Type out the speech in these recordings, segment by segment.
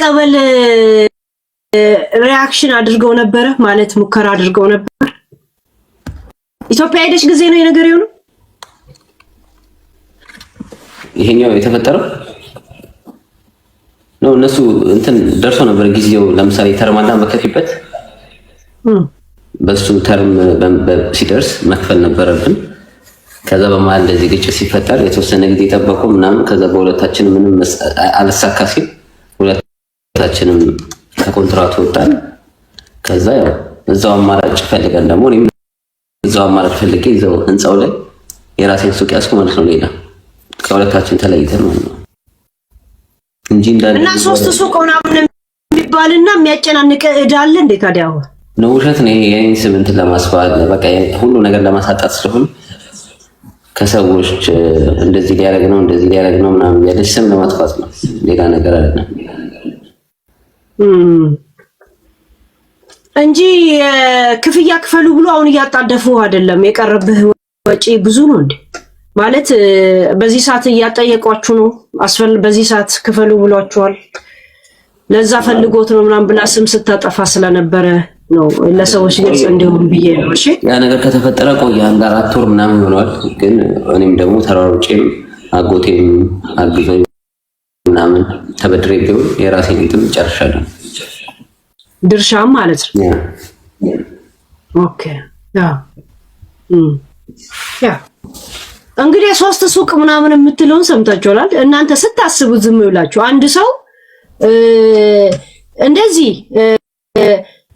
ለመቀበል ሪያክሽን አድርገው ነበረ ማለት ሙከራ አድርገው ነበር። ኢትዮጵያ ሄደች ጊዜ ነው የነገር የሆነው ይሄኛው የተፈጠረው ነው። እነሱ እንትን ደርሶ ነበር ጊዜው። ለምሳሌ ተርም አላ መከፊበት በሱ ተርም ሲደርስ መክፈል ነበረብን። ከዛ በመሀል እንደዚህ ግጭት ሲፈጠር የተወሰነ ጊዜ የጠበቁ ምናምን ከዛ በሁለታችን ምንም አልሳካ ሲል ሁለታችንም ከኮንትራቱ ወጣን። ከዛ ያው እዛው አማራጭ ፈልገን ደግሞ እኔም እዛው አማራጭ ፈልጌ እዛው ህንፃው ላይ የራሴን ሱቅ ያስኩ ማለት ነው። ሌላ ከሁለታችን ተለይተን ማለት ነው እንጂ እንዳንድ እና ሶስት ሱቅ ምናምን የሚባልና የሚያጨናንቅ እዳ አለ እንዴ? ታዲያ አሁን ነው ውሸት ነው ይሄ የኔን ስም እንትን ለማስባል በቃ ሁሉ ነገር ለማሳጣት ስለሆነ ከሰዎች እንደዚህ ሊያደርግ ነው እንደዚህ ሊያደርግ ነው ምናምን ያለች ስም ለማጥፋት ነው። ሌላ ነገር አይደለም። እንጂ ክፍያ ክፈሉ ብሎ አሁን እያጣደፉ አይደለም። የቀረብህ ወጪ ብዙ ነው እንዴ ማለት በዚህ ሰዓት እያጠየቋችሁ ነው። አስፈል በዚህ ሰዓት ክፈሉ ብሏችኋል። ለዛ ፈልጎት ነው ምናምን ብላ ስም ስታጠፋ ስለነበረ ነው ለሰዎች ግልጽ እንዲሆን ብዬ ነው። እሺ ያ ነገር ከተፈጠረ ቆየ አንድ አራት ወር ምናምን ይሆናል። ግን እኔም ደግሞ ተሯሩጬም አጎቴም አግዞኝ ምናምን ተበድሬ ቢሆን የራሴ ቤትም ጨርሻለሁ። ድርሻም ማለት ነው። ኦኬ ያ እንግዲህ ሶስት ሱቅ ምናምን የምትለውን ሰምታችኋላል። እናንተ ስታስቡ ዝም ብላችሁ አንድ ሰው እንደዚህ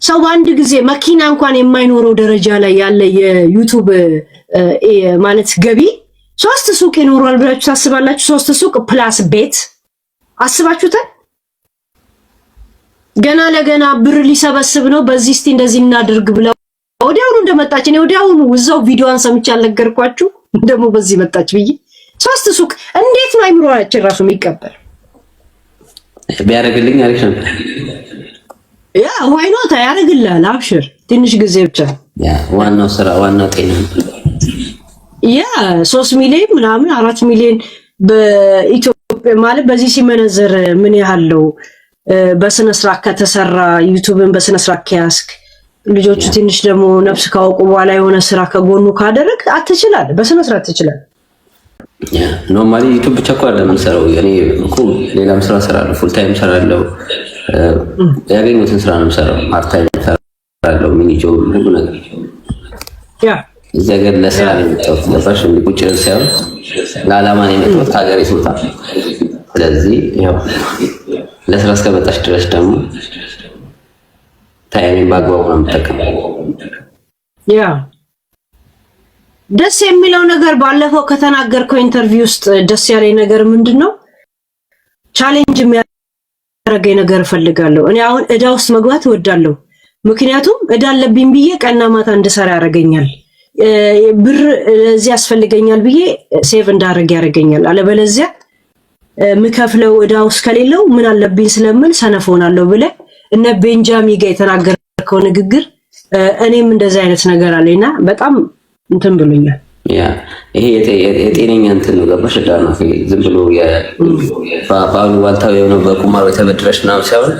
ሰው በአንድ ጊዜ መኪና እንኳን የማይኖረው ደረጃ ላይ ያለ የዩቱብ ማለት ገቢ ሶስት ሱቅ ይኖረዋል ብላችሁ ታስባላችሁ? ሶስት ሱቅ ፕላስ ቤት አስባችሁታል? ገና ለገና ብር ሊሰበስብ ነው። በዚህ እስቲ እንደዚህ እናድርግ ብለው ወዲያውኑ እንደመጣች እኔ ወዲያውኑ እዛው ቪዲዮዋን ሰምቼ አልነገርኳችሁ ደግሞ በዚህ መጣች ብዬ ሶስት ሱቅ እንዴት ነው አይምሮአችን ራሱ የሚቀበል? ቢያደርግልኝ አሪፍ ነበር። ያ ዋይ ኖት ያደርግልሃል። አብሽር ትንሽ ጊዜ ብቻ። ያ ዋናው ስራ ዋናው ጤና። ያ ሶስት ሚሊዮን ምናምን አራት ሚሊዮን በኢትዮጵያ ማለት በዚህ ሲመነዘር ምን ያህል ነው? በስነ ስርዓት ከተሰራ ዩቱብን በስነ ስርዓት ከያዝክ ልጆቹ ትንሽ ደግሞ ነፍስ ካወቁ በኋላ የሆነ ስራ ከጎኑ ካደረግ አትችላል፣ በስነ ስርዓት ትችላል። ኖርማሊ ዩቱብ ብቻ እኮ ለምንሰራው እኔ እኮ ሌላም ስራ እሰራለሁ፣ ፉል ታይም እሰራለሁ፣ ያገኙትን ስራ ነው የምሰራው፣ ፓርት ታይም እሰራለሁ፣ ሚኒ ጆብ፣ ሁሉ ነገር ያ እዚህ ሀገር ለስራ ነው የመጣሁት። ገባሽ? እንደ ቁጭ ሳይሆን ለዓላማ ነው የመጣሁት ከሀገር ይስወጣ። ስለዚህ ያው ለስራ እስከመጣሽ ድረስ ደግሞ ታይሜን በአግባቡ ነው የምጠቀመው። ያ ደስ የሚለው ነገር ባለፈው ከተናገርከው ኢንተርቪው ውስጥ ደስ ያለኝ ነገር ምንድን ነው? ቻሌንጅ የሚያደርገኝ ነገር እፈልጋለሁ። እኔ አሁን እዳ ውስጥ መግባት እወዳለሁ። ምክንያቱም እዳ አለብኝ ብዬ ቀና ማታ እንድሰራ ያደርገኛል። ብር ለዚህ ያስፈልገኛል ብዬ ሴቭ እንዳደርግ ያደርገኛል። አለበለዚያ ምከፍለው እዳው እስከሌለው ምን አለብኝ ስለምን ሰነፍ ሆናለሁ ብለ እነ ቤንጃሚን ጋር የተናገርከው ንግግር እኔም እንደዚህ አይነት ነገር አለኝና በጣም እንትን ብሎኛል። ይሄ የጤነኛ እንትን ነው። ገባሽ? ነው። ዝም ብሎ በአሉ በአሉባልታዊ የሆነ በቁማሩ የተበድረሽ ምናምን ሳይሆን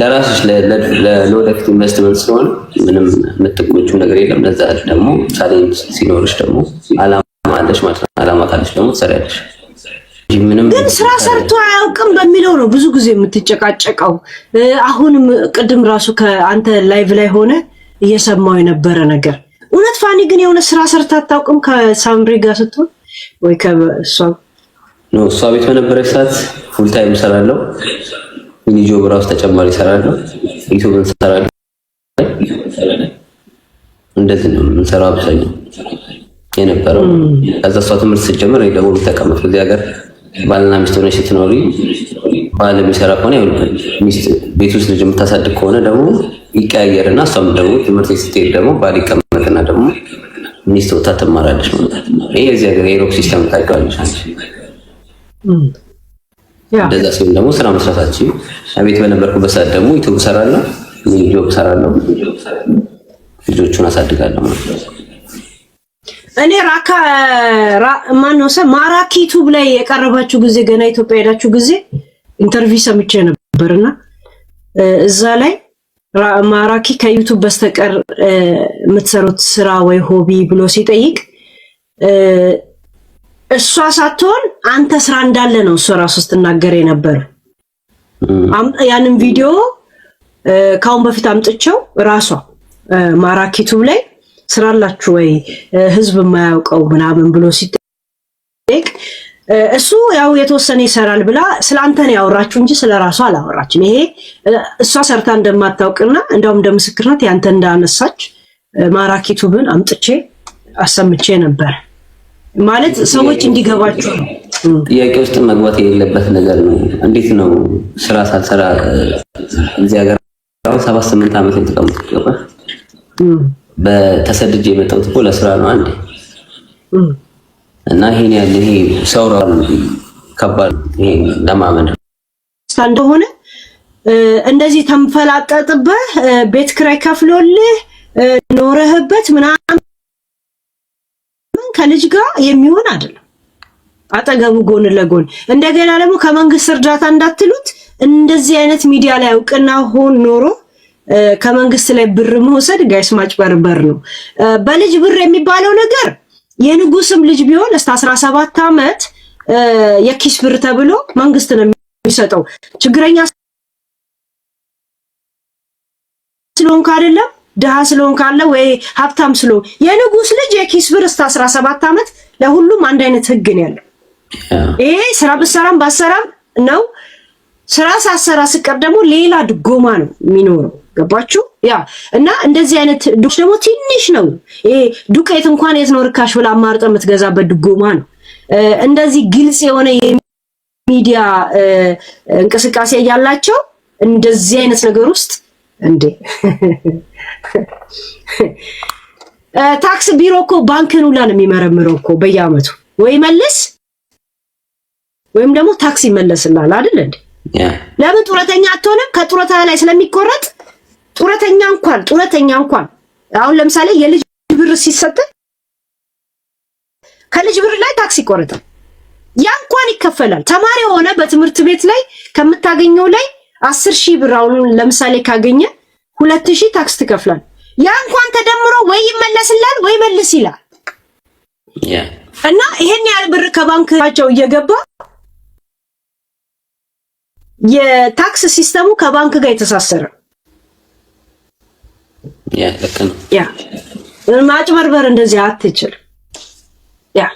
ለራስሽ ለወደፊት ኢንቨስትመንት ስለሆነ ምንም የምትጎጁ ነገር የለም። ለዛ ደግሞ ቻሌንጅ ሲኖርሽ ደግሞ አላማ አለሽ ማለት ነው። አላማ ካለሽ ደግሞ ትሰሪያለሽ። ግን ስራ ሰርቶ አያውቅም በሚለው ነው ብዙ ጊዜ የምትጨቃጨቀው። አሁንም ቅድም ራሱ ከአንተ ላይቭ ላይ ሆነ እየሰማው የነበረ ነገር እውነት ፋኒ ግን የሆነ ስራ ሰርታ አታውቅም ከሳምሪ ጋር ስትሆን ወይ ከእሷ እሷ ቤት በነበረች ሰዓት ፉል ታይም እሰራለሁ። ልጆ በራሱ ተጨማሪ እሰራለሁ። ዩቱብ እንሰራለን። እንደዚህ ነው የምንሰራው አብዛኛው የነበረው። ከዛ እሷ ትምህርት ስጀምር ደግሞ ተቀመጥኩ እዚህ ሀገር ባልና ሚስት ሆነሽ ስትኖሪ ባል የሚሰራ ከሆነ ሚስት ቤት ውስጥ ልጅ የምታሳድግ ከሆነ ደግሞ ይቀያየርና እሷም ደግሞ ትምህርት ስትሄድ ደግሞ ባል ይቀመጥና ደግሞ ሚስት ወታ ትማራለች ማለት ነው። ይህ የዚህ ሀገር የኢሮፕ ሲስተም ታውቂዋለሽ። እንደዛ ሲሆን ደግሞ ስራ መስራታችን ቤት በነበርኩበት ሰዓት ደግሞ ኢትዮ ሰራለሁ፣ ጆብ ሰራለሁ፣ ልጆቹን አሳድጋለሁ ማለት ነው። እኔ ራካ ማነው ሰ ማራኪ ቱብ ላይ የቀረባችሁ ጊዜ ገና ኢትዮጵያ ሄዳችሁ ጊዜ ኢንተርቪው ሰምቼ ነበርና እዛ ላይ ማራኪ ከዩቱብ በስተቀር የምትሰሩት ስራ ወይ ሆቢ ብሎ ሲጠይቅ እሷ ሳትሆን አንተ ስራ እንዳለ ነው እሱ ራሱ ስትናገር የነበረ። ያንን ቪዲዮ ከአሁን በፊት አምጥቼው ራሷ ማራኪ ቱብ ላይ ስራላችሁ ወይ ህዝብ የማያውቀው ምናምን ብሎ ሲጠየቅ እሱ ያው የተወሰነ ይሰራል ብላ ስለ አንተ ነው ያወራችሁ እንጂ ስለ ራሷ አላወራችም። ይሄ እሷ ሰርታ እንደማታውቅና እንዳውም እንደ ምስክርነት ያንተ እንዳነሳች ማራኪ ቱብን አምጥቼ አሰምቼ ነበር። ማለት ሰዎች እንዲገባችሁ ነው። ጥያቄ ውስጥ መግባት የሌለበት ነገር ነው። እንዴት ነው ስራ ሳልሰራ እዚህ ሀገር ሰባት ስምንት ዓመት የተቀመጡ በተሰድጄ የመጣሁት እኮ ለስራ ነው። አንዴ እና ይሄን ያለ ይሄ ሰው ከባድ ለማመን እንደሆነ እንደዚህ ተንፈላቀጥብህ ቤት ክራይ ከፍሎልህ ኖረህበት ምናምን ከልጅ ጋር የሚሆን አይደለም። አጠገቡ ጎን ለጎን እንደገና ደግሞ ከመንግስት እርዳታ እንዳትሉት እንደዚህ አይነት ሚዲያ ላይ እውቅና ሆን ኖሮ ከመንግስት ላይ ብር መውሰድ ጋይስ ማጭበርበር ነው። በልጅ ብር የሚባለው ነገር የንጉስም ልጅ ቢሆን እስከ 17 ዓመት የኪስ ብር ተብሎ መንግስት ነው የሚሰጠው። ችግረኛ ስለሆንክ አይደለም ድሃ ስለሆንክ አለ ወይ ሀብታም ስለሆንክ፣ የንጉስ ልጅ የኪስ ብር እስከ 17 ዓመት ለሁሉም አንድ አይነት ህግ ነው ያለው። ይሄ ስራ ብሰራም ባሰራም ነው ስራ ሳሰራ ስቀር ደግሞ ሌላ ድጎማ ነው የሚኖረው። ገባችሁ? ያ እና እንደዚህ አይነት ድጎች ደግሞ ትንሽ ነው። ይሄ ዱቄት እንኳን የት ነው ርካሽ ብላ አማርጠ የምትገዛበት ድጎማ ነው። እንደዚህ ግልጽ የሆነ የሚዲያ እንቅስቃሴ እያላቸው እንደዚህ አይነት ነገር ውስጥ እንዴ ታክስ ቢሮ እኮ ባንክን ሁላ ነው የሚመረምረው እኮ በየአመቱ ወይ መልስ ወይም ደግሞ ታክስ ይመለስላል አይደል እንዴ ለምን ጡረተኛ አትሆንም? ከጡረታ ላይ ስለሚቆረጥ ጡረተኛ እንኳን ጡረተኛ እንኳን አሁን ለምሳሌ የልጅ ብር ሲሰጥ ከልጅ ብር ላይ ታክስ ይቆረጣል። ያ እንኳን ይከፈላል። ተማሪ ሆነ በትምህርት ቤት ላይ ከምታገኘው ላይ አስር ሺህ ብር አሁን ለምሳሌ ካገኘ ሁለት ሺህ ታክስ ትከፍላል። ያ እንኳን ተደምሮ ወይ ይመለስላል ወይ መልስ ይላል እና ይሄን ያህል ብር ከባንካቸው እየገባ የታክስ ሲስተሙ ከባንክ ጋር የተሳሰረ ያ ማጭበርበር እንደዚህ አትችል ያ